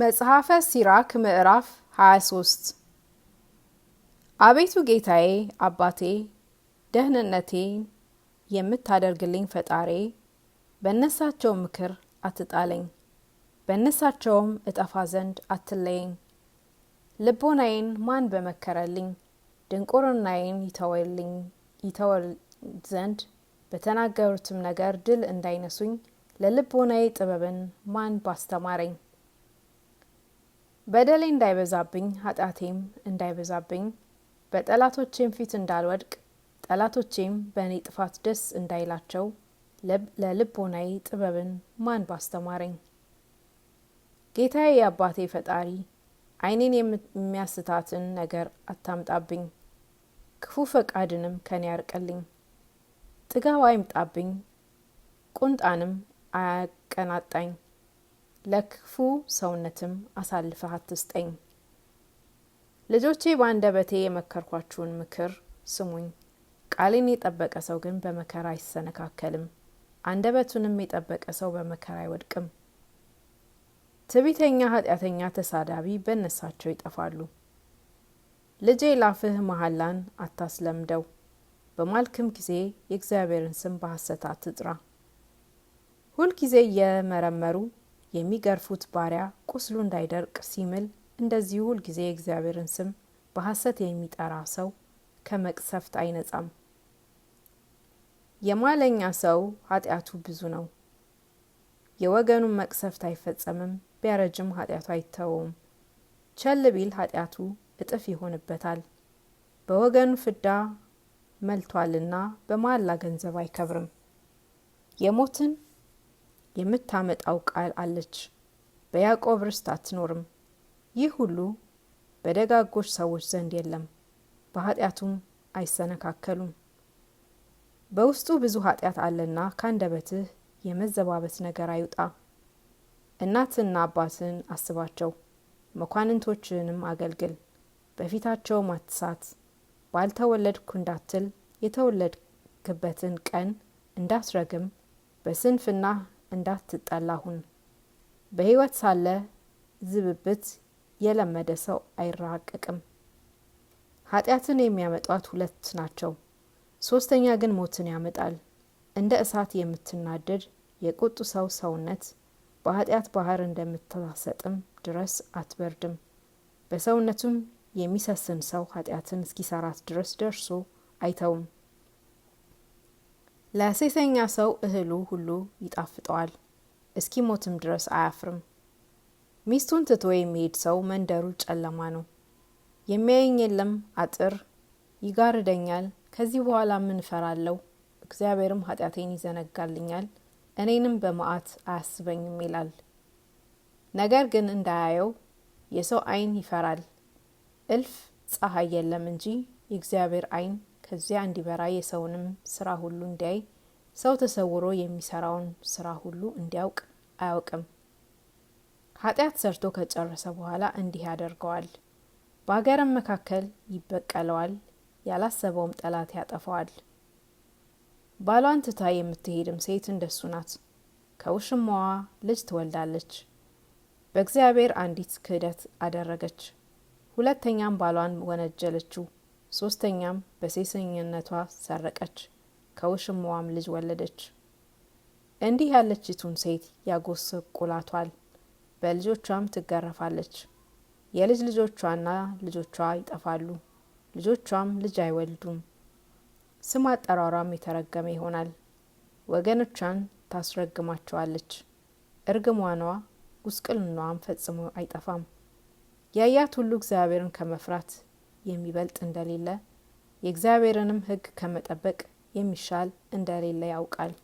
መጽሐፈ ሲራክ ምዕራፍ 23 አቤቱ ጌታዬ፣ አባቴ፣ ደህንነቴን የምታደርግልኝ ፈጣሬ፣ በእነሳቸው ምክር አትጣለኝ፣ በእነሳቸውም እጠፋ ዘንድ አትለየኝ። ልቦናዬን ማን በመከረልኝ ድንቁርናዬን ይተወልኝ ይተወል ዘንድ በተናገሩትም ነገር ድል እንዳይነሱኝ ለልቦናዬ ጥበብን ማን ባስተማረኝ በደሌ እንዳይበዛብኝ ኃጢአቴም እንዳይበዛብኝ በጠላቶቼም ፊት እንዳልወድቅ ጠላቶቼም በእኔ ጥፋት ደስ እንዳይላቸው ለልቦናዬ ጥበብን ማን ባስተማረኝ። ጌታዬ የአባቴ ፈጣሪ ዓይኔን የሚያስታትን ነገር አታምጣብኝ፣ ክፉ ፈቃድንም ከኔ ያርቀልኝ። ጥጋብ አይምጣብኝ፣ ቁንጣንም አያቀናጣኝ። ለክፉ ሰውነትም አሳልፈህ አትስጠኝ። ልጆቼ በአንደበቴ የመከርኳችሁን ምክር ስሙኝ። ቃሌን የጠበቀ ሰው ግን በመከራ አይሰነካከልም፣ አንደበቱንም የጠበቀ ሰው በመከራ አይወድቅም። ትቢተኛ ኃጢአተኛ፣ ተሳዳቢ በእነሳቸው ይጠፋሉ። ልጄ ላፍህ መሐላን አታስለምደው፣ በማልክም ጊዜ የእግዚአብሔርን ስም በሐሰት አትጥራ። ሁልጊዜ እየመረመሩ የሚገርፉት ባሪያ ቁስሉ እንዳይደርቅ ሲምል እንደዚሁ ሁልጊዜ የእግዚአብሔርን ስም በሐሰት የሚጠራ ሰው ከመቅሰፍት አይነጻም። የማለኛ ሰው ኃጢአቱ ብዙ ነው፣ የወገኑን መቅሰፍት አይፈጸምም። ቢያረጅም ኃጢአቱ አይተወውም። ቸል ቢል ኃጢአቱ እጥፍ ይሆንበታል። በወገኑ ፍዳ መልቷልና በማላ ገንዘብ አይከብርም። የሞትን የምታመጣው ቃል አለች፣ በያዕቆብ ርስት አትኖርም። ይህ ሁሉ በደጋጎች ሰዎች ዘንድ የለም፣ በኃጢአቱም አይሰነካከሉም። በውስጡ ብዙ ኃጢአት አለና ከአንደበትህ የመዘባበት ነገር አይውጣ። እናትንና አባትን አስባቸው፣ መኳንንቶችንም አገልግል፣ በፊታቸውም አትሳት። ባልተወለድኩ እንዳትል የተወለድክበትን ቀን እንዳትረግም በስንፍና እንዳትጠላሁን በሕይወት ሳለ ዝብብት የለመደ ሰው አይራቀቅም። ኃጢአትን የሚያመጧት ሁለት ናቸው፣ ሶስተኛ ግን ሞትን ያመጣል። እንደ እሳት የምትናደድ የቁጡ ሰው ሰውነት በኃጢአት ባህር እንደምታሰጥም ድረስ አትበርድም። በሰውነቱም የሚሰስን ሰው ኃጢአትን እስኪሰራት ድረስ ደርሶ አይተውም። ለሴሰኛ ሰው እህሉ ሁሉ ይጣፍጠዋል፣ እስኪሞትም ድረስ አያፍርም። ሚስቱን ትቶ የሚሄድ ሰው መንደሩ ጨለማ ነው። የሚያየኝ የለም አጥር ይጋርደኛል። ከዚህ በኋላ ምን እፈራለሁ? እግዚአብሔርም ኃጢአቴን ይዘነጋልኛል፣ እኔንም በመዓት አያስበኝም ይላል። ነገር ግን እንዳያየው የሰው ዓይን ይፈራል። እልፍ ፀሐይ የለም እንጂ የእግዚአብሔር ዓይን ከዚያ እንዲበራ የሰውንም ስራ ሁሉ እንዲያይ ሰው ተሰውሮ የሚሰራውን ስራ ሁሉ እንዲያውቅ አያውቅም። ኃጢአት ሰርቶ ከጨረሰ በኋላ እንዲህ ያደርገዋል። በአገርም መካከል ይበቀለዋል፣ ያላሰበውም ጠላት ያጠፈዋል። ባሏን ትታ የምትሄድም ሴት እንደሱ ናት። ከውሽማዋ ልጅ ትወልዳለች። በእግዚአብሔር አንዲት ክህደት አደረገች፣ ሁለተኛም ባሏን ወነጀለችው። ሶስተኛም በሴሰኝነቷ ሰረቀች፣ ከውሽማዋም ልጅ ወለደች። እንዲህ ያለችቱን ሴት ቁላቷል በልጆቿም ትገረፋለች። የልጅ ልጆቿና ልጆቿ ይጠፋሉ፣ ልጆቿም ልጅ አይወልዱም። ስም አጠራሯም የተረገመ ይሆናል። ወገኖቿን ታስረግማቸዋለች፣ እርግሟኗ ጉስቁልናዋም ፈጽሞ አይጠፋም። ያያት ሁሉ እግዚአብሔርን ከመፍራት የሚበልጥ እንደሌለ የእግዚአብሔርንም ሕግ ከመጠበቅ የሚሻል እንደሌለ ያውቃል።